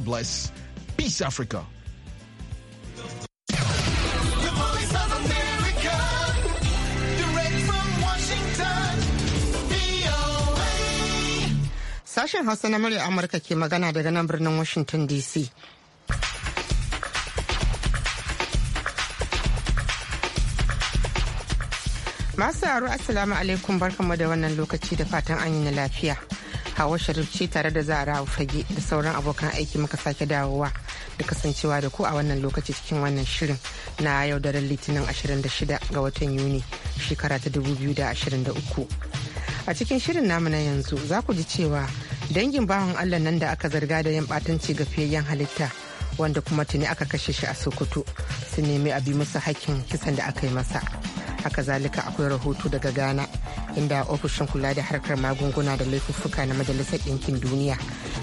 bless. Peace, Africa. Sashen Hausa na murya Amurka ke magana daga nan birnin Washington DC. Masu yaro Assalamu alaikum barkanmu da wannan lokaci da fatan an yi na lafiya. Hawa Sharif tare da Zara Fage da sauran abokan aiki muka sake dawowa da kasancewa da ku a wannan lokaci cikin wannan shirin na yau daren Litinin 26 ga watan Yuni shekara ta 2023. A cikin shirin namu na yanzu za ku ji cewa dangin bawan Allah nan da aka zarga da yin batanci ga fiyayyen halitta wanda kuma tuni aka kashe shi a Sokoto su nemi a bi musu hakkin kisan da aka yi masa. haka zalika akwai rahoto daga ghana inda ofishin kula da harkar magunguna da laifuffuka na majalisar ɗinkin duniya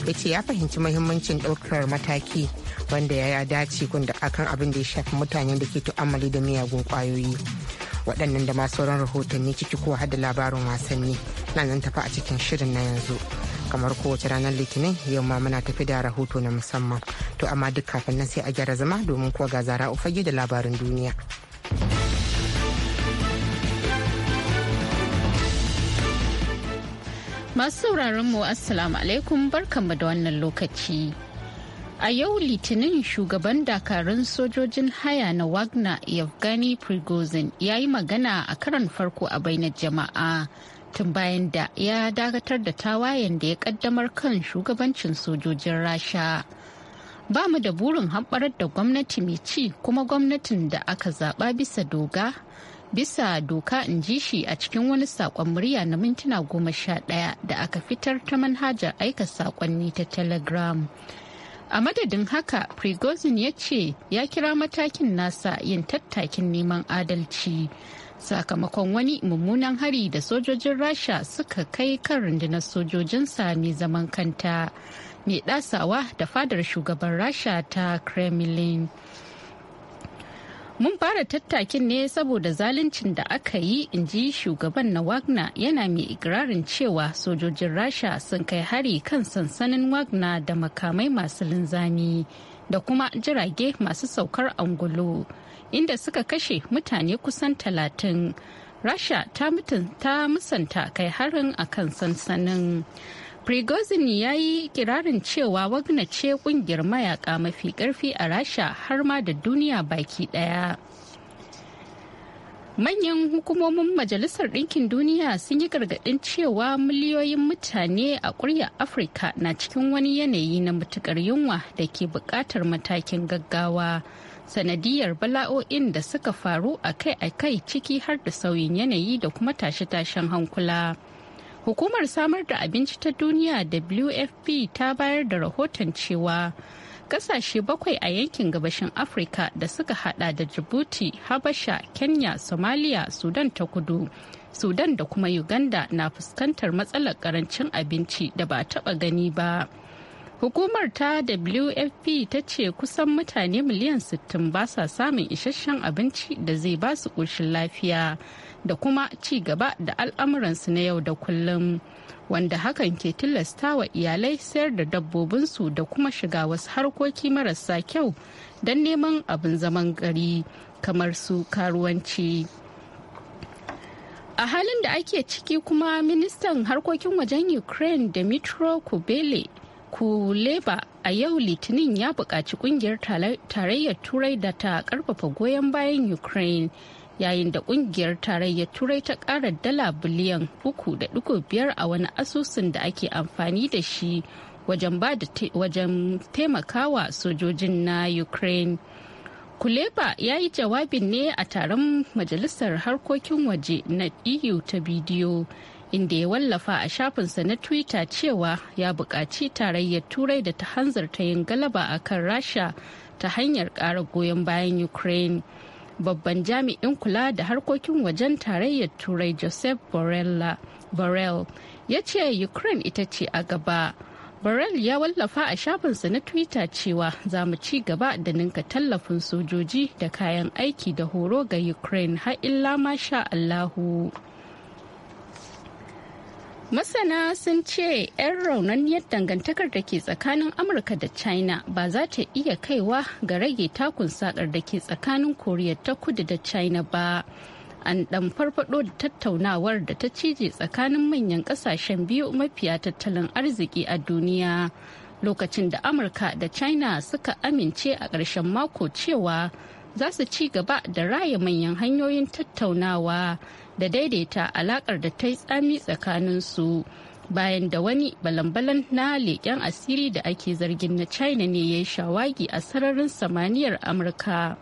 ya ce ya fahimci mahimmancin ɗaukar mataki wanda ya dace gunda akan abin da ya shafi mutanen da ke tu'ammali da miyagun ƙwayoyi waɗannan da masu sauran rahotanni ciki ko hada labarin wasanni na nan tafi a cikin shirin na yanzu kamar kowace ranar litinin yau ma muna tafi da rahoto na musamman to amma duk kafin nan sai a gyara zama domin kuwa ga zara ufage da labarin duniya. Masu sauraron mu Assalamu alaikum barkanmu da wannan lokaci. A yau Litinin shugaban dakarun sojojin haya na Wagner Yevgeny Prigozhin ya yi magana a karan farko a bainar jama'a tun bayan da ya dakatar da tawayen da ya kaddamar kan shugabancin sojojin Rasha. Ba mu da burin haɓarar da gwamnati mai ci kuma gwamnatin da aka zaɓa bisa doga bisa doka in ji shi a cikin wani saƙon murya na mintuna goma sha ɗaya da aka fitar ta manhajar aika sakonni ta telegram a madadin haka prigozhin ya ce ya kira matakin nasa yin tattakin neman adalci sakamakon wani mummunan hari da sojojin rasha suka kai kan rundunar sojojinsa mai zaman kanta mai dasawa da fadar shugaban rasha ta kremlin Mun fara tattakin ne saboda zaluncin da aka yi in ji shugaban na Wagner yana mai ikirarin cewa sojojin Rasha sun kai hari kan sansanin Wagner da makamai masu linzami da kuma jirage masu saukar angulu inda suka kashe mutane kusan talatin. Rasha ta musanta kai harin a kan sansanin. prigozhin ya yi kirarin cewa wagna ce kungiyar mayaka mafi karfi a rasha har ma da duniya baki daya manyan hukumomin majalisar ɗinkin duniya sun yi gargaɗin cewa miliyoyin mutane a ƙurya afirka na cikin wani yanayi na matukar yunwa da ke buƙatar matakin gaggawa sanadiyar bala'o'in da suka faru akai-akai ciki har da sauyin yanayi da kuma tashe-tashen hankula. Hukumar samar da abinci ta duniya WFP ta bayar da rahoton cewa kasashe bakwai a yankin gabashin Afirka da suka hada da Djibouti, Habasha, Kenya, Somalia, Sudan ta kudu. Sudan da kuma Uganda na fuskantar matsalar karancin abinci da ba taba gani ba. Hukumar ta WFP ta ce kusan mutane miliyan 60 ba sa samun isasshen abinci da zai ba su ƙoshin lafiya da kuma ci gaba da al'amuransu na yau da kullum. Wanda hakan ke tilasta wa iyalai sayar da dabbobinsu da kuma shiga wasu harkoki marasa kyau don neman abin zaman gari kamar su karuwanci. a halin da ake ciki kuma ministan harkokin wajen ukraine dmitry kubele kuleba a yau litinin ya buƙaci ƙungiyar tarayyar turai da ta ƙarfafa goyon bayan ukraine yayin da ƙungiyar tarayyar turai ta ƙara dala biliyan 3.5 a wani asusun da ake amfani da shi wajen taimakawa sojojin na ukraine kuleba ya yi jawabin ne a taron majalisar harkokin waje na eu ta bidiyo inda ya wallafa a shafinsa na twitter cewa ya buƙaci tarayyar turai da ta hanzarta yin galaba a kan rasha ta hanyar ƙara goyon bayan ukraine babban jami'in kula da harkokin wajen tarayyar turai joseph borrell ya ce ukraine ita ce a gaba borrell ya wallafa a shafinsa na twitter cewa za mu ci gaba da ninka tallafin sojoji da kayan aiki da horo ga ukraine har illa masha allahu Masana sun ce 'yan raunaniyar dangantakar da ke tsakanin Amurka da China ba za ta iya kaiwa ga rage takun sakar da ke tsakanin Koriya ta kudu da China ba. An ɗan farfado da tattaunawar da ta cije tsakanin manyan ƙasashen biyu mafiya tattalin arziki a duniya. Lokacin da Amurka da China suka amince a ƙarshen mako cewa za su ci gaba da raya manyan hanyoyin tattaunawa da daidaita alakar da ta yi tsami tsakanin su bayan da wani balan-balan na leƙen asiri da ake zargin na china ne ya yi shawagi a sararin samaniyar amurka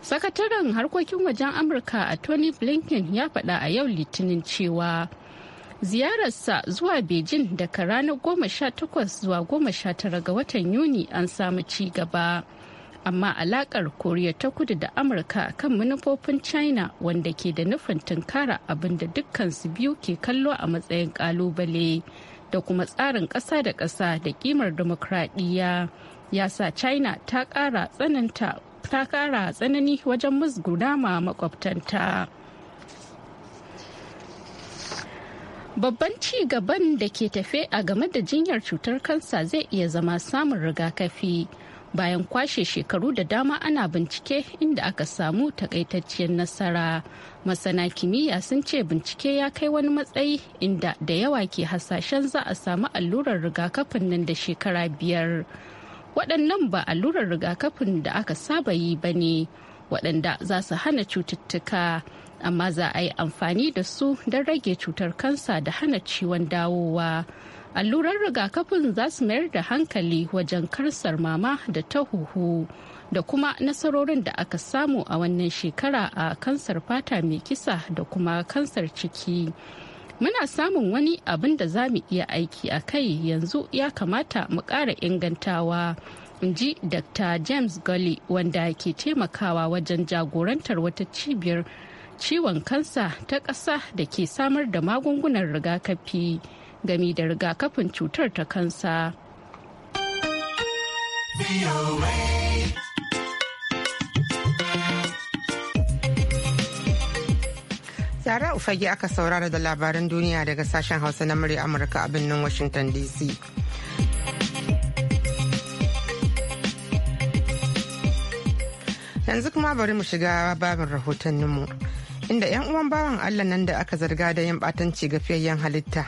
sakataren harkokin wajen amurka a tony blinken ya faɗa a yau litinin cewa ziyararsa zuwa beijing daga ranar 18 zuwa 19 ga watan yuni an samu ci gaba. amma alakar koriya ta kudu da amurka kan manufofin china wanda ke da nufin tunkara abinda dukkan su biyu ke kallo a matsayin kalubale da kuma tsarin ƙasa da ƙasa da kimar demokradiyya ya sa china ta ƙara tsananta tsanani wajen musguna makwabtanta. babban ci gaban da ke tafe a game da jinyar cutar kansa zai iya zama samun rigakafi bayan kwashe shekaru da dama ana bincike inda aka samu takaitacciyar nasara masana kimiyya sun ce bincike ya kai wani matsayi inda da yawa ke hasashen za a samu allurar rigakafin nan da shekara biyar waɗannan ba allurar rigakafin da aka saba yi ba ne waɗanda za su hana cututtuka amma za a yi amfani da su don rage cutar kansa da hana ciwon dawowa allurar rigakafin za su mayar da hankali wajen karsar mama da ta huhu da kuma nasarorin da aka samu a wannan shekara a kansar fata mai kisa da kuma kansar ciki muna samun wani abin da za mu iya aiki a kai yanzu ya kamata mu ƙara ingantawa in ji dr james gully wanda ke taimakawa wajen jagorantar wata cibiyar ciwon kansa ta ƙasa da ke samar da magungunan rigakafi. gami da rigakafin cutar ta kansa. Zara Ufage aka saurara da labaran duniya daga sashen Hausa na murya Amurka a birnin Washington DC. Yanzu kuma bari mu shiga babin rahotanninmu. inda 'yan uwan bawan Allah nan da aka zarga da yin batanci ga fiyayyen halitta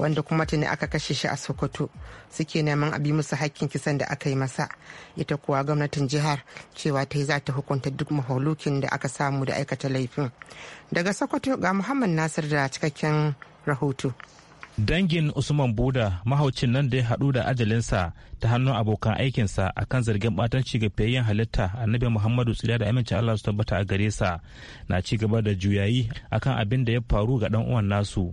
wanda kuma tuni aka kashe shi a sokoto suke neman abi musu hakkin kisan da aka yi masa ita kuwa gwamnatin jihar cewa ta yi za ta hukunta duk maholukin da aka samu da aikata laifin daga sokoto ga muhammad nasir da cikakken rahoto dangin usman buda mahaucin nan da ya hadu da ajalinsa ta hannun abokan aikinsa a kan zargin batanci ga fiyayyen halitta annabi muhammadu tsira da amincin allah su tabbata a gare sa na ci gaba da juyayi akan abin da ya faru ga dan uwan nasu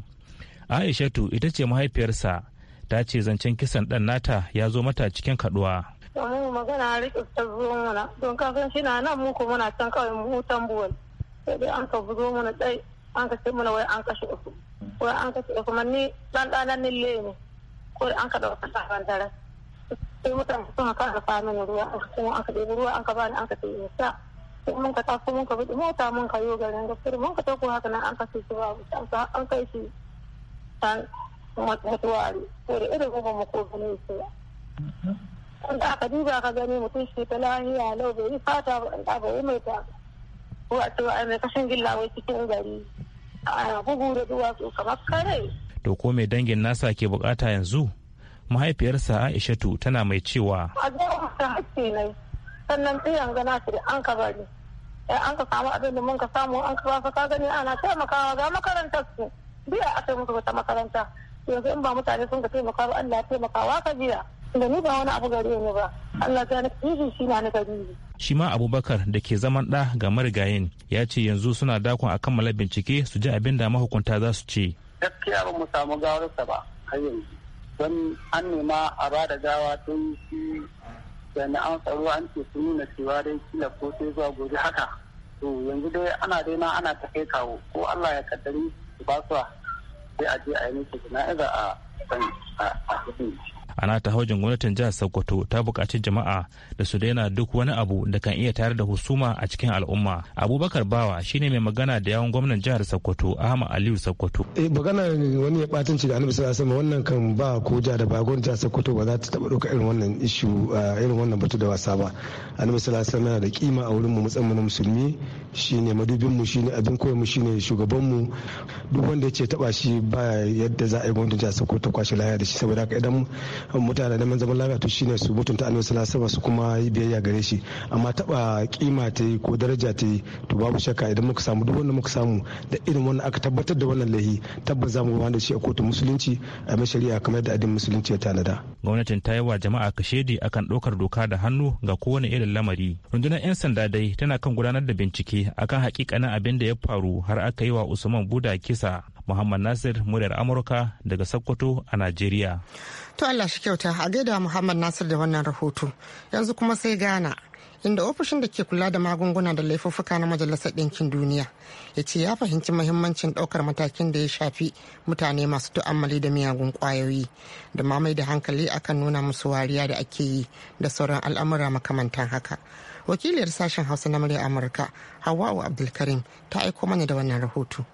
aishatu ita ce mahaifiyarsa ta ce zancen kisan ɗan nata ya zo mata cikin kaduwa domin magana riƙe ta zo mana don kafin shi na nan muku muna can kawai mu hutan buwal sai an ka zo mana dai an ka ce mana wai an kashe uku wai an kashe uku man ni dan ɗanan ni le ne ko da an ka dauka ta ban dare sai mutan sun ka ka fa mini ruwa an ka kuma an ka dai ruwa an ka bani an ka ce ya sa sai mun ka tafi mun ka bi mota mun ka yo garin gaskiya mun ka ta tafi haka nan an ka ce shi babu an ka yi shi san mutuwa ne to da irin uban makoganin su kun da aka duba ka gani mutum shi ta lahiya lau bai yi fata ba ba yi mai ta wato a mai kashin gilla wai cikin gari a bugu da duwatsu kamar kare. to ko mai dangin nasa ke bukata yanzu mahaifiyarsa aishatu tana mai cewa a zuwa ta hakki ne sannan tsiyan gana su da an ka bari an ka samu abin da mun ka samu an ka ba ka gani ana taimakawa ga makarantar su biya aka yi musu wata makaranta yanzu in ba mutane sun ka taimaka ba Allah ya taimaka wa ka biya da ni ba wani abu gari ne ba Allah ta ni kishi shi na ni gari shi ma abubakar da ke zaman ɗa ga marigayin ya ce yanzu suna dakon a kammala bincike su ji abin da mahukunta za su ce gaskiya ba mu samu gawarsa ba har yanzu don an nema a ba da gawa tun shi da na an tsaro an ce sun nuna cewa dai kila ko sai zuwa gobe haka to yanzu dai ana dai ana ta kai kawo ko Allah ya kaddari su ba su sai a je a yi miki jana'iza a a hudun ana ta haujin gwamnatin jihar sokoto ta buƙaci jama'a da su daina duk wani abu da kan iya tayar da husuma a cikin al'umma abubakar bawa shine mai magana da yawon gwamnan jihar sokoto ahmad aliyu sokoto eh magana wani ya ci da annabi sallallahu alaihi wannan kan ba ko ja da ba jihar sokoto ba za ta taɓa ɗauka irin wannan ishu irin wannan batu da wasa ba annabi sallallahu alaihi da kima a wurin mu musamman musulmi shine madubin mu shine abin koyar mu shine shugaban mu duk wanda ya ce taɓa shi ba yadda za a yi gwamnatin jihar sokoto kwashe laya da shi saboda haka idan mutane da zaman lafiya to shine su mutunta annabi sallallahu alaihi su kuma yi biyayya gare shi amma taba kima ta yi ko daraja ta yi to babu shakka idan muka samu duk wanda muka samu da irin wannan aka tabbatar da wannan lahi tabbas za mu da shi a kotun musulunci a mai shari'a kamar da addinin musulunci ya tanada gwamnatin ta yi wa jama'a kashedi akan ɗaukar doka da hannu ga kowane irin lamari rundunar 'yan sanda dai tana kan gudanar da bincike akan hakikanin abin da ya faru har aka yi wa usman buda kisa Muhammad Nasir muryar Amurka daga Sokoto a Najeriya. To Allah shi kyauta a gaida Muhammad Nasir da wannan rahoto. Yanzu kuma sai gana inda ofishin da ke kula da magunguna da laifuffuka na majalisar ɗinkin duniya ya ce ya fahimci mahimmancin ɗaukar matakin da ya shafi mutane masu tu'ammali da miyagun kwayoyi, da mamai da hankali akan nuna musu wariya da ake yi da sauran al'amura makamantan haka wakiliyar sashen hausa na murya amurka hawa'u abdulkarim ta aiko mana da wannan rahoto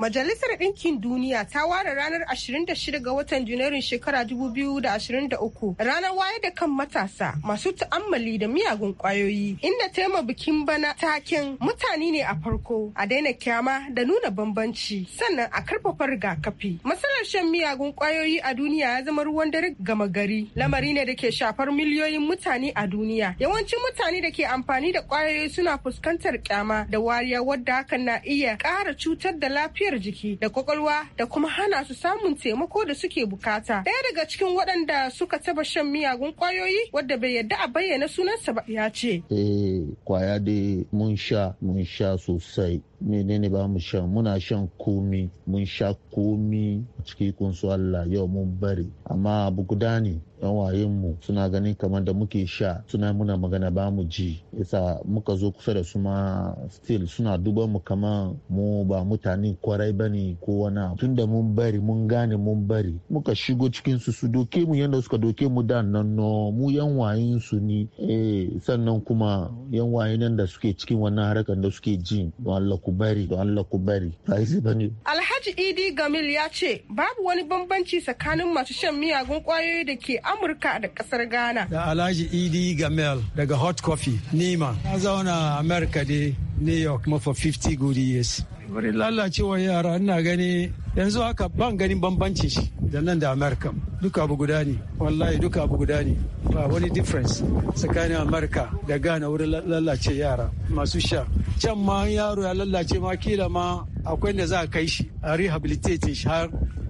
Majalisar Ɗinkin Duniya ta ware ranar 26 ga watan Junairun shekara 2023 ranar wayar da kan matasa masu ta'ammali da miyagun ƙwayoyi inda tema bikin bana taken mutane ne a farko a daina kyama da nuna bambanci sannan a karfafa rigakafi. Matsalar shan miyagun ƙwayoyi a duniya ya zama ruwan dare gama gari lamari ne da ke shafar miliyoyin mutane a duniya. Yawancin mutane da ke amfani da ƙwayoyi suna fuskantar kyama da wariya wadda hakan na iya ƙara cutar da lafiyar lafiyar jiki da kwakwalwa da kuma hana su samun taimako da suke bukata. Ɗaya daga cikin waɗanda suka taba shan miyagun kwayoyi wadda bai yadda a bayyana sunansa ba ya ce. Eh kwaya dai mun sha mun sha sosai menene ba mu shan muna shan komi mun sha komi cikin kunsu Allah yau mun bari amma abu guda ne yan wayen mu suna ganin kamar da muke sha suna muna magana ba mu ji yasa muka zo kusa da su ma still suna duban mu kamar mu ba mutane kwarai bane ko wani tun da mun bari mun gane mun bari muka shigo cikin su su doke mu yanda suka doke mu da nan mu yan wayen su ne eh sannan kuma yan wayen nan da suke cikin wannan harakan da suke ji wallahi ku bari don Allah ku bari ba yi Alhaji Idi Gamil ya ce babu wani bambanci tsakanin masu shan miyagun kwayoyi da ke Amurka da kasar Ghana da Alhaji Idi Gamil daga Hot Coffee Nima na zauna America dai New York for 50 good years bari lalacewa yara ina gani yanzu haka ban ganin bambanci shi da nan da amerika duka abu guda ne wallahi duka abu guda ne ba wani difference tsakanin amerika da ghana wurin lalace yara masu sha can ma yaro ya lalace ma kila ma akwai da za a kai shi a rehabilitating shi har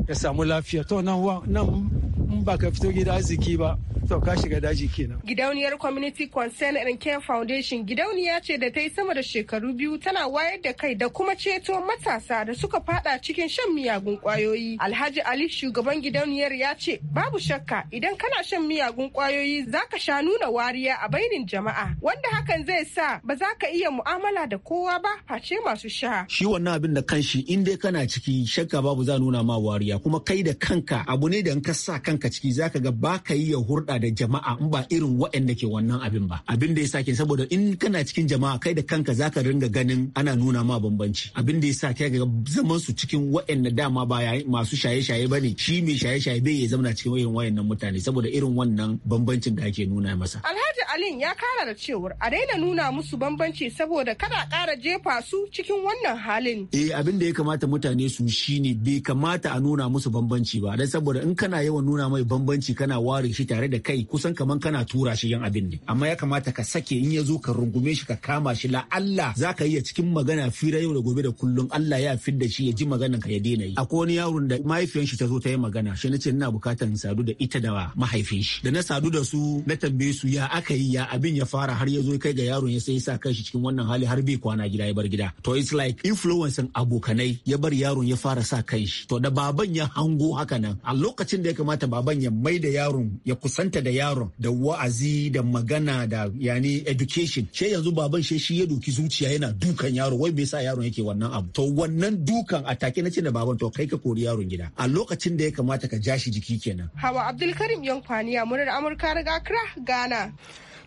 ya samu lafiya to nan ba ka fito gida arziki ba to ka shiga daji kenan gidauniyar community concern and care foundation gidauniya ce da ta yi sama da shekaru biyu tana wayar da kai da kuma ceto matasa da suka fada cikin shan miyagun kwayoyi alhaji ali shugaban gidauniyar ya ce babu shakka idan kana shan miyagun kwayoyi zaka sha nuna wariya a bainin jama'a wanda hakan zai sa ba za ka iya mu'amala da kowa ba face masu sha shi wannan abin da kanshi in dai kana ciki shakka babu za nuna ma wariya kuma kai da kanka abu ne da in ka sa kanka ciki zaka ga ba ka yi ya hurɗa da jama'a in ba irin waɗanda ke wannan abin ba abin da ya sake saboda in kana cikin jama'a kai da kanka zaka ringa ganin ana nuna ma bambanci abin da yasa kai ga zaman su cikin waɗanda dama ba masu shaye-shaye bane shi mai shaye-shaye bai ya zama cikin irin waɗannan mutane saboda irin wannan bambancin da ake nuna masa Alhaji Alin ya kara da cewar a daina nuna musu bambanci saboda kada kara jefa su cikin wannan halin eh abin da ya kamata mutane su shine bai kamata a nuna musu bambanci ba dan saboda in kana yawan nuna mai bambanci kana ware shi tare da kai. kai kusan kaman kana tura shi yan abin ne amma ya kamata ka sake in ya zo ka rungume shi ka kama shi la Allah zaka iya cikin magana fira yau da gobe da kullum Allah ya fidda shi ya ji magana ka ya daina yi akwai wani yaron da mahaifiyan shi ta zo ta yi magana shi nace ina bukatan sadu da ita da mahaifin shi da na sadu da su na tambaye su ya aka yi ya abin ya fara har ya zo kai ga yaron ya sai ya sa kanshi cikin wannan hali har bai kwana gida ya bar gida to it's like influencing abokanai ya bar yaron ya fara sa shi to da baban ya hango haka nan a lokacin da ya kamata baban ya mai da yaron ya kusanta kula da yaron da wa'azi da magana da yani education she yanzu baban she shi ya doki zuciya yana dukan yaro wai me yasa yaron yake wannan abu to wannan dukan a take na ce da baban to kai ka kori yaron gida a lokacin da ya kamata ka ja shi jiki kenan hawa abdulkarim yankwaniya murar amurka daga accra ghana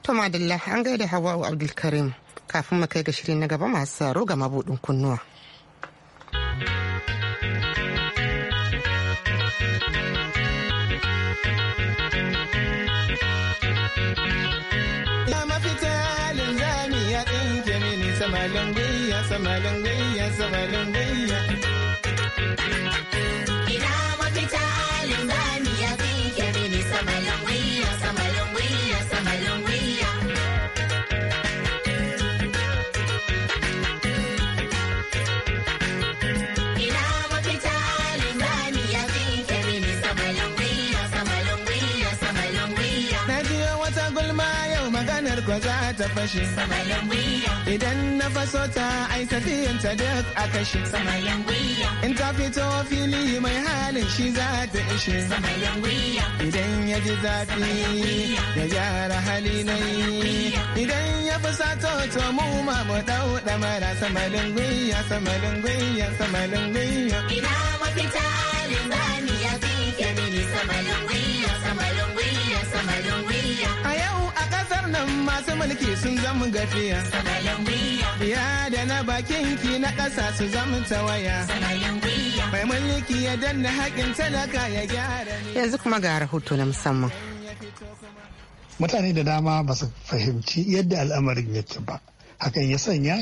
to madalla an gaida hawa abdulkarim kafin mu kai ga shirin na gaba masu tsaro ga mabudin kunnuwa samalin gayya samalin gayya samalin gayya ina mafita limani ya fi kemini samalin gayya samalin gayya samalin gayya Cause I had to push it. Idan na faso ta ai ta duk a kashe. Samayen gwiya. In ta fito fili mai halin shi za ta ishe. Samayen gwiya. Idan ya ji zafi ya gyara hali na yi. Idan ya fusa sato to mu ma mu dau damara samalin gwiya samalin gwiya samalin gwiya. Ina mafita limani ya fi kyamini samalin gwiya. sun zama gafiya ya da na bakin ki na ƙasa su zama tawaya mai mulki ya danna haƙin talaka ya gyara yanzu kuma ga rahoto na musamman mutane da dama ba su fahimci yadda al'amarin yake ba hakan ya sanya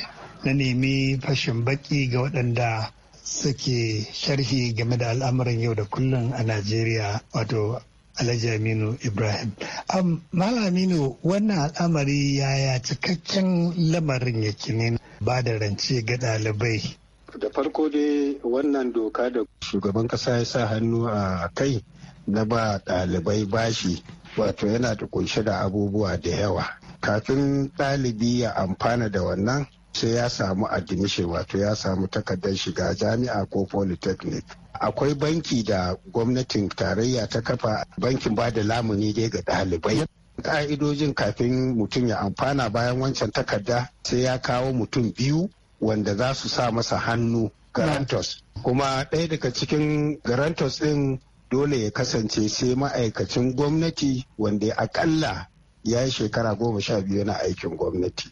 na nemi fashin baki ga waɗanda suke sharhi game da al'amarin yau da kullum a najeriya wato Alhaji Aminu Ibrahim. Um, Aminu wannan al'amari yaya cikakken lamarin yake ne ba da rance ga ɗalibai. Da farko dai wannan doka da shugaban ƙasa ya sa hannu a kai na ba ɗalibai bashi wato yana da kunshe da abubuwa da yawa. Kafin ɗalibi ya amfana da wannan sai ya samu admission wato ya samu takardar shiga jami'a ko polytechnic akwai banki da gwamnatin tarayya ta kafa bankin ba da lamuni dai ga ɗalibai ka'idojin kafin mutum ya amfana bayan wancan takarda sai ya kawo mutum biyu wanda za su sa masa hannu garantos kuma ɗaya daga cikin garantos ɗin dole ya kasance sai ma'aikacin gwamnati wanda akalla ya yi shekara goma sha biyu na aikin gwamnati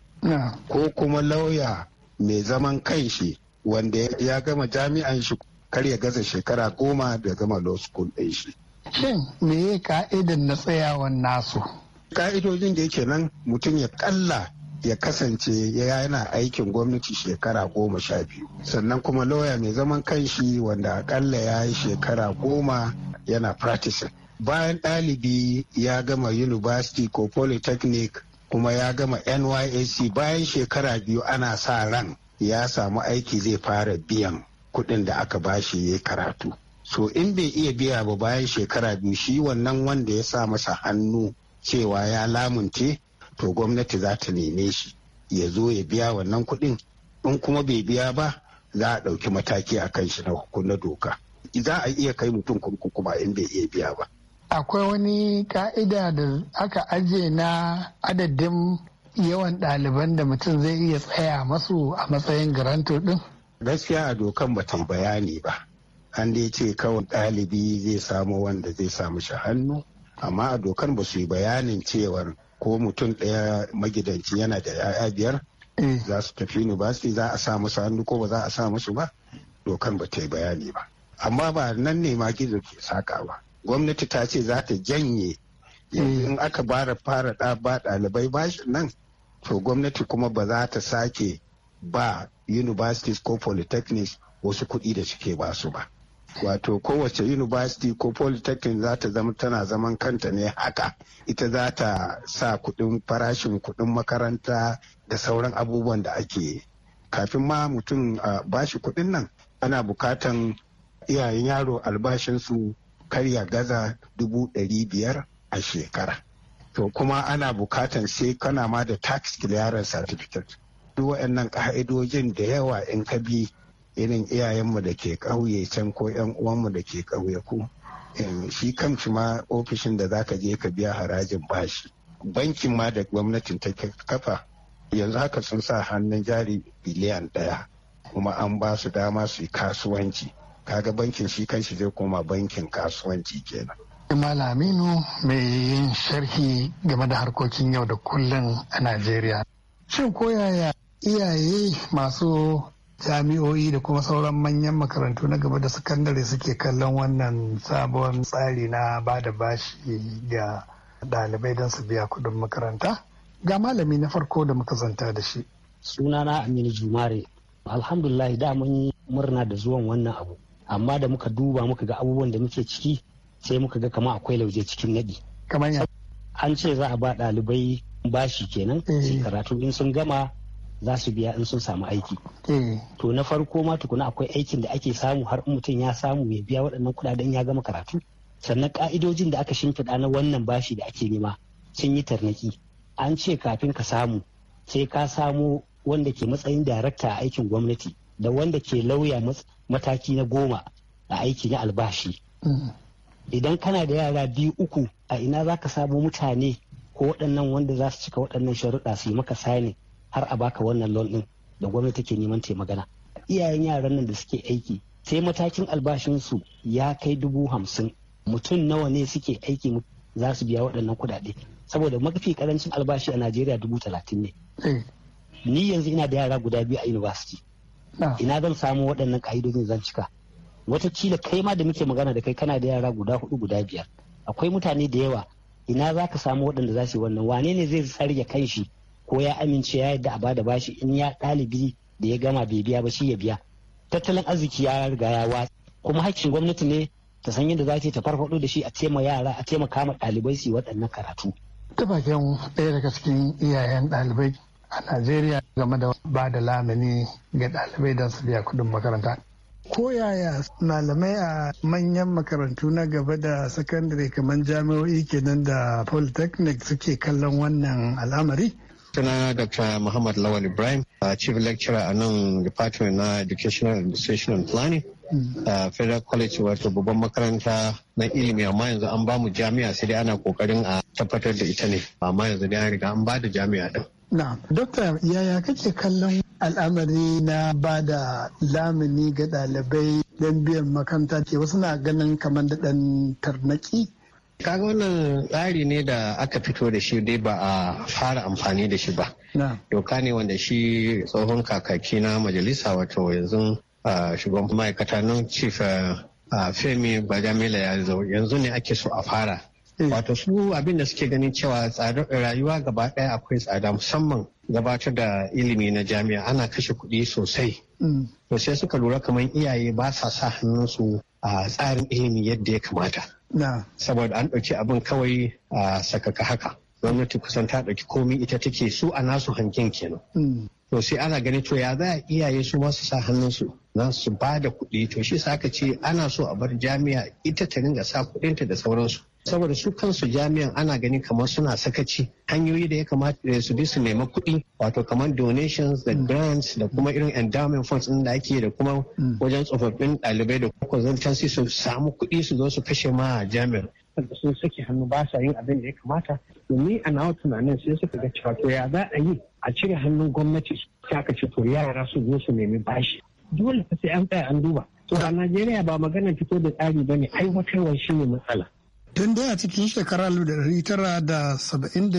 ko kuma lauya mai zaman kanshi wanda ya gama jami'an shi kar ya gaza shekara goma da gama law school ɗin shi. Shin me ya ka'idan na tsayawan nasu? Ka'idojin da yake nan mutum ya kalla ya kasance yana aikin gwamnati shekara goma sha biyu sannan kuma lauya mai zaman kan shi wanda akalla ya yi shekara goma yana practicing bayan ɗalibi ya gama university ko polytechnic kuma ya gama nysc bayan shekara biyu ana sa ran ya samu aiki zai fara biyan kuɗin da aka bashi ya karatu so in bai iya biya ba bayan shekara biyu shi wannan wanda ya sa masa hannu cewa ya lamunce to gwamnati za ta neme shi ya zo ya biya wannan kuɗin in kuma bai biya ba za a ɗauki mataki a kan shi na doka za a iya kai mutum kurkuku ba in bai iya biya ba akwai wani ka'ida da aka aje na adadin yawan ɗaliban da mutum zai iya tsaya masu a matsayin garanto ɗin? Gaskiya a dokan ba bayani ba. An dai ce kawai ɗalibi zai samu wanda zai samu shi hannu, amma a dokan ba su yi bayanin cewar ko mutum ɗaya magidanci yana da 'ya'ya biyar eh. za su tafi university za a sa musu hannu ko ba za a sa musu ba dokan ba ta yi bayani ba. Amma ba nan ne ma gizo ke saka ba. gwamnati ta ce za ta janye in mm. aka bara fara ba ɗalibai bashin nan to gwamnati kuma ba za ta sake ba universities ko polytechnics wasu kuɗi da suke ba su ba wato kowace university ko polytechnic za ta zama tana zaman kanta ne haka ita za ta sa kuɗin farashin kuɗin makaranta da sauran abubuwan da ake kafin ma mutum a bashi kuɗin nan ana bukatan iyayen yaro albashinsu Karya gaza dubu ɗari biyar a shekara to kuma ana bukatan sai kana ma da tax clearance certificate duk waɗannan ƙa'idojin da yawa in ka bi irin iyayenmu da ke ƙauye can ko ƴan uwanmu da ke ƙauye ku eh, shi shi ma ofishin da za ka je ka biya harajin bashi bankin ma da gwamnatin ta kafa yanzu haka sun sa hannun jari biliyan ɗaya kuma an ba su dama su yi kasuwanci kaga bankin shi kanshi zai koma bankin kasuwanci kenan Aminu mai yin sharhi game da harkokin yau da kullum a Najeriya. Shin koyaya iyaye masu jami'o'i da kuma sauran manyan makarantu na gaba da sakandare suke kallon wannan sabon tsari na ba da bashi ga ɗalibai don su biya kuɗin makaranta ga malami na farko da muka zanta da shi sunana aminu jumare alhamdulillah da mun yi murna da zuwan wannan abu amma da muka duba muka ga abubuwan da muke ciki sai muka ga kama akwai lauje cikin naɗi an ce za a ba ɗalibai bashi kenan eh. karatu in sun gama za su biya in sun samu aiki eh. to na farko ma tukuna akwai aikin da ake samu har in mutum ya samu ya biya waɗannan kuɗaɗen ya gama karatu sannan ka'idojin da aka shimfiɗa na wannan bashi da ake nema sun yi tarnaki an ce kafin ka samu sai ka samo wanda ke matsayin darakta a aikin gwamnati da wanda ke lauya mataki na goma a aiki na albashi mm. idan kana da yara biyu uku a ina za ka samu mutane ko waɗannan wanda za su cika waɗannan sharuɗa su yi maka sani har a baka wannan loan ɗin da gwamnati ke neman ta magana iyayen yaran nan da suke aiki sai matakin albashinsu ya kai dubu hamsin mutum nawa ne suke aiki za su biya waɗannan kuɗaɗe saboda mafi karancin albashi a najeriya dubu talatin ne mm. ni yanzu ina da yara guda biyu a university ina zan samu waɗannan ƙa'idojin zan cika kila kai ma da muke magana da kai kana da yara guda hudu guda biyar akwai mutane da yawa ina za ka samu waɗanda za su yi wannan wane ne zai sarge shi ko ya amince ya yadda a bada bashi in ya ɗalibi da ya gama bai biya ba shi ya biya tattalin arziki ya riga ya watsa kuma hakkin gwamnati ne ta san yadda za ta farfaɗo da shi a taimaka yara a taimaka ma ɗalibai su yi waɗannan karatu. ta bakin ɗaya daga cikin iyayen ɗalibai a Najeriya game da ba da lamani ga ɗalibai don su biya kuɗin makaranta. Ko yaya malamai a manyan makarantu na gaba da sakandare kamar jami'o'i kenan da polytechnic suke kallon wannan al'amari? Sunana Dr. Muhammad Lawal Ibrahim, Chief Lecturer a nan Department na Educational Administration and Planning. Hmm. a federal college wato babban makaranta na ilimi amma yanzu an bamu jami'a sai dai ana kokarin a tabbatar da ita ne amma yanzu dai an riga an ba da jami'a din na dokta yaya kake kallon al'amari na ba da lamuni ga ɗalibai don biyan makaranta ke wasu na ganin kamar da ɗan tarnaki kaga wannan tsari ne da aka fito da shi dai ba a fara amfani da shi ba doka ne wanda shi tsohon kakaki na majalisa wato yanzu shugaban ma'aikata nan chief femi bajamila ya yanzu ne ake so a fara Mm. wato su abin da suke ganin cewa tsadar rayuwa gaba ɗaya akwai tsada musamman gabatar da ilimi na jami'a ana kashe kuɗi sosai mm. to sai suka lura kamar iyaye ba sa sa hannunsu a tsarin ilimi yadda ya kamata saboda an ɗauki abin kawai a sakaka haka gwamnati kusan ta ɗauki komi ita take su a nasu hankin kenan mm. to sai ana ganin to ya za a iyaye su masu sa hannunsu na su ba da kuɗi to shi sa aka ce ana so a bar jami'a ita ta ringa sa kuɗinta da sauransu saboda su kansu jami'an ana gani kamar suna sakaci hanyoyi da ya kamata eh, su bi su nema kuɗi wato kamar donations da grants da kuma irin endowment funds din da ake da kuma mm. wajen tsofaffin ɗalibai da consultancy su samu kuɗi su zo su kashe ma jami'an da sun saki hannu ba sa yin abin da ya kamata domin a nawa tunanin sai suka ga cewa to ya za a yi a cire hannun gwamnati su kaka ce to yara su zo su nemi bashi dole fa sai an tsaya an duba to a Najeriya ba maganar fito da tsari ba ne aiwatarwa ne matsala tun dai a cikin shekara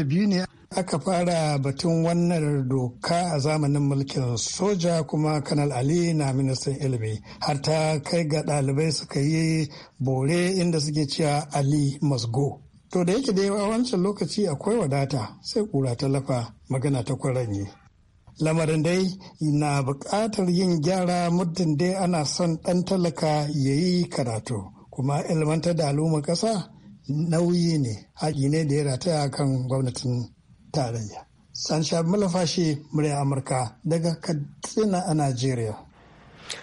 biyu ne aka fara batun wannan doka a zamanin mulkin soja kuma kanal ali na ministan ilimi har ta kai ga ɗalibai suka yi bore inda suke cewa ali masgo to da yake dai a wancan lokaci akwai wadata sai kura ta lafa magana ta kwaranye lamarin dai na buƙatar yin gyara muddin dai ana son ɗan talaka ya yi karatu kuma ilmantar da al'umma ƙasa nauyi ne haƙi ne da ya rataya kan gwamnatin tarayya. sha Malafashi murya Amurka daga Katsina a Najeriya.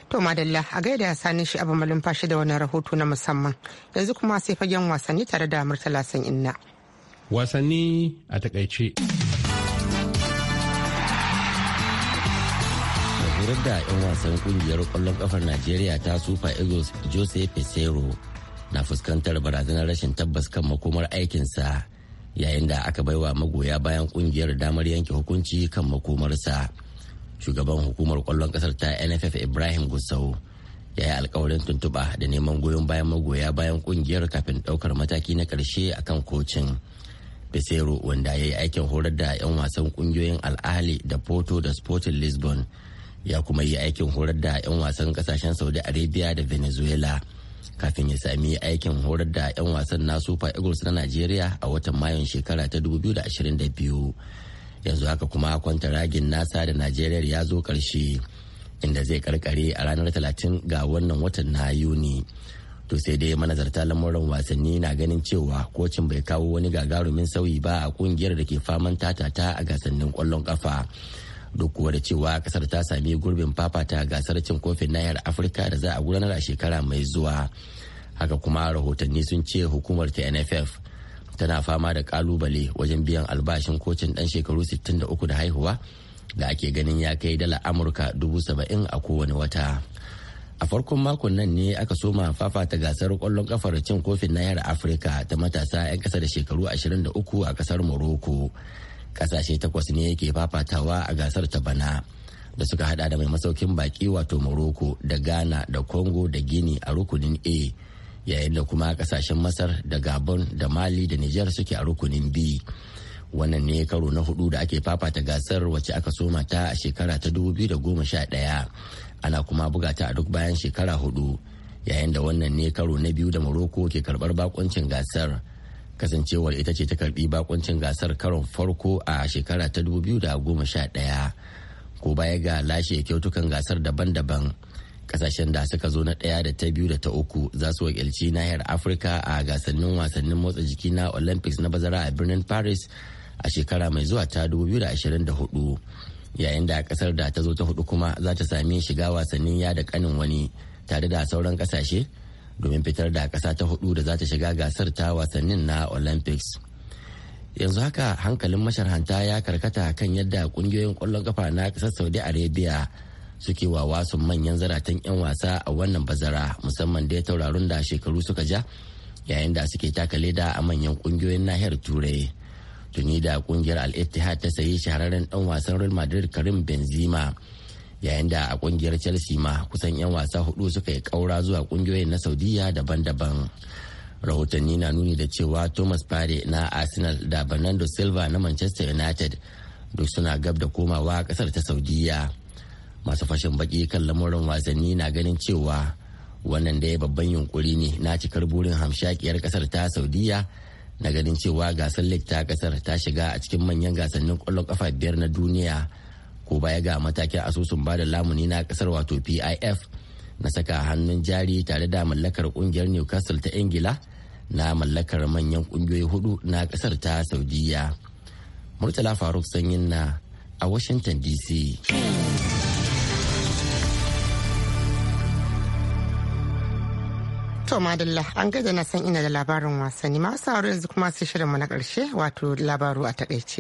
To Madalla a gaida ya sani shi abu malumfashi da wani rahoto na musamman yanzu kuma sai fagen wasanni tare da Murtala San Inna. Wasanni a takaice. da 'yan wasan kungiyar kwallon kafar Najeriya ta sufa Eagles Jose Pesero na fuskantar barazanar rashin tabbas kan makomar aikinsa yayin da aka bai wa magoya bayan kungiyar damar yanke hukunci kan makomarsa shugaban hukumar kwallon kasar ta nff ibrahim gusau ya yi alkawarin tuntuɓa da neman goyon bayan magoya bayan kungiyar kafin ɗaukar mataki na karshe a kan kocin pesero wanda ya yi aikin horar da 'yan wasan kungiyoyin al'ali da porto da sporting lisbon ya kuma yi aikin horar da 'yan wasan kasashen saudi arabia da venezuela kafin ya sami aikin horar da 'yan wasan na super eagles na najeriya a watan mayun shekara ta 2022 yanzu haka kuma kwanta ragin nasa da najeriya ya zo karshe inda zai karkare a ranar 30 ga wannan watan na yuni to sai dai manazarta lamuran wasanni na ganin cewa kocin bai kawo wani gagarumin sauyi ba a kungiyar da ke faman tatata a gasannin kwallon kafa. duk kuwa da cewa kasar ta sami gurbin fafata gasar cin kofin nahiyar afirka da za a gudanar a shekara mai zuwa haka kuma rahotanni sun ce hukumar ta nff tana fama da kalubale wajen biyan albashin kocin dan shekaru 63 da haihuwa da ake ganin ya kai dala amurka 70,000 a kowane wata a farkon makon nan ne aka soma fafata gasar kwallon kafar cin kofin nahiyar afirka ta matasa 'yan kasa da shekaru 23 a kasar morocco kasashe takwas ne yake fafatawa a gasar ta bana da suka hada da mai masaukin baki wato morocco da ghana da congo da guinea a rukunin a yayin da kuma kasashen masar da gabon da mali da niger suke a rukunin b wannan ne karo na hudu da ake fafata gasar wacce aka soma ta a shekara ta 2011 ana kuma buga ta a duk bayan shekara hudu yayin da wannan ne karo na biyu da morocco ke karbar bakuncin gasar kasancewar ita ce ta karbi bakuncin gasar karon farko a shekara ta 2011 ko baya ga lashe kyautukan gasar daban-daban kasashen da suka zo na ɗaya da ta biyu da ta uku za su wakilci nahiyar afirka a gasannin wasannin motsa jiki na olympics na bazara a birnin paris a shekara mai zuwa ta 2024 yayin da kasar da ta zo ta hudu kuma za ta sami shiga wasannin ya da kanin wani tare da sauran kasashe domin fitar da kasa ta hudu da za ta shiga gasar ta wasannin na olympics yanzu haka hankalin masharhanta ya karkata kan yadda kungiyoyin kwallon kafa na kasar saudi arabia suke wa wasu manyan zaratan 'yan wasa a wannan bazara musamman da ya taurarun da shekaru suka ja yayin da suke taka leda a manyan kungiyoyin nahiyar turai tuni da kungiyar al ta sayi shahararren dan wasan real madrid karim benzema yayin da a kungiyar chelsea ma kusan 'yan wasa hudu suka yi kaura zuwa kungiyoyin na saudiya daban-daban rahotanni na nuni da cewa thomas pare na arsenal da bernardo silva na manchester united duk suna gab da komawa kasar ta saudiya masu fashin baki kan lamurin wasanni na ganin cewa wannan da ya babban yunkuri ne na cikar burin hamshakiyar kasar ta saudiya na ganin cewa gasar lake ta kasar ta shiga a cikin manyan gasannin kwallon kafa biyar na duniya ko baya ga matakin asusun bada lamuni na kasar wato pif na saka hannun jari tare da mallakar kungiyar newcastle ta ingila na mallakar manyan kungiyoyi hudu na kasar ta saudiya murtala faruk sanyin na a washington dc To Madalla an gaida na san ina da labarin wasanni masu yanzu kuma sai shirinmu na ƙarshe wato labaru a takaice.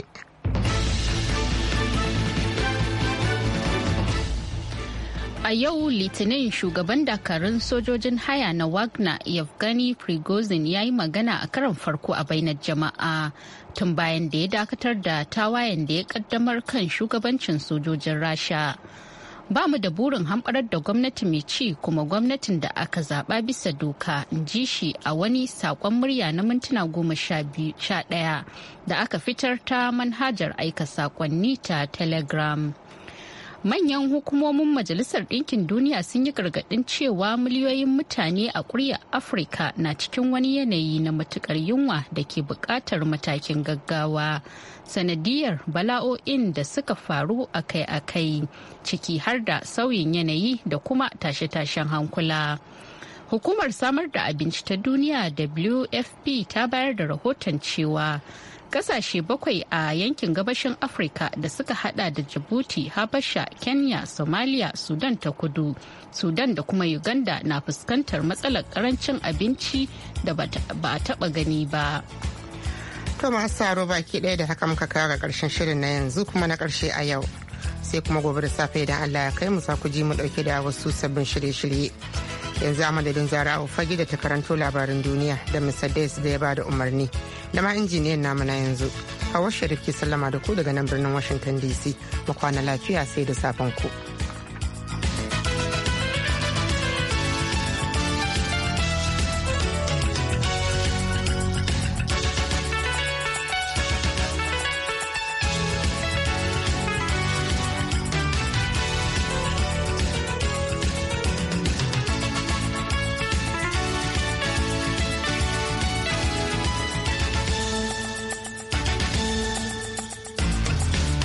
A yau Litinin shugaban dakarun sojojin haya na Wagner Yevgeny Prigozhin ya yi magana a karan farko a bainar jama'a tun bayan da ya dakatar da tawayen da ya kaddamar kan shugabancin sojojin Rasha. Ba mu da burin hamɓarar da gwamnati mai ci kuma gwamnatin da aka zaɓa bisa doka in ji shi a wani saƙon murya na mintuna goma sha ɗaya da aka fitar ta manhajar aika saƙonni ta Telegram. manyan hukumomin majalisar ɗinkin duniya sun yi gargaɗin cewa miliyoyin mutane a ƙurya afirka na cikin wani yanayi na matuƙar yunwa da ke buƙatar matakin gaggawa sanadiyar bala'o'in da suka faru akai-akai ciki har da sauyin yanayi da kuma tashe-tashen hankula. Hukumar samar da abinci ta duniya WFP ta bayar da rahoton cewa Kasashe bakwai a yankin gabashin Afirka da suka hada da Djibouti, Habasha, Kenya, Somalia, Sudan ta kudu, Sudan da kuma Uganda na fuskantar matsalar karancin abinci da ba a taba gani ba. To masu saro baki daya da haka muka ga karshen shirin na yanzu kuma na karshe a yau. Sai kuma gobe da safe idan Allah ya kai mu ku ji mu dauke da wasu sabbin shirye-shirye. Yanzu a madadin zara fage da ta karanto labarin duniya da Mr. da ya ba da umarni. da ma injiniyan namu na yanzu washe da ke sallama da ku daga nan birnin washington dc mu kwana lafiya sai da safen ku.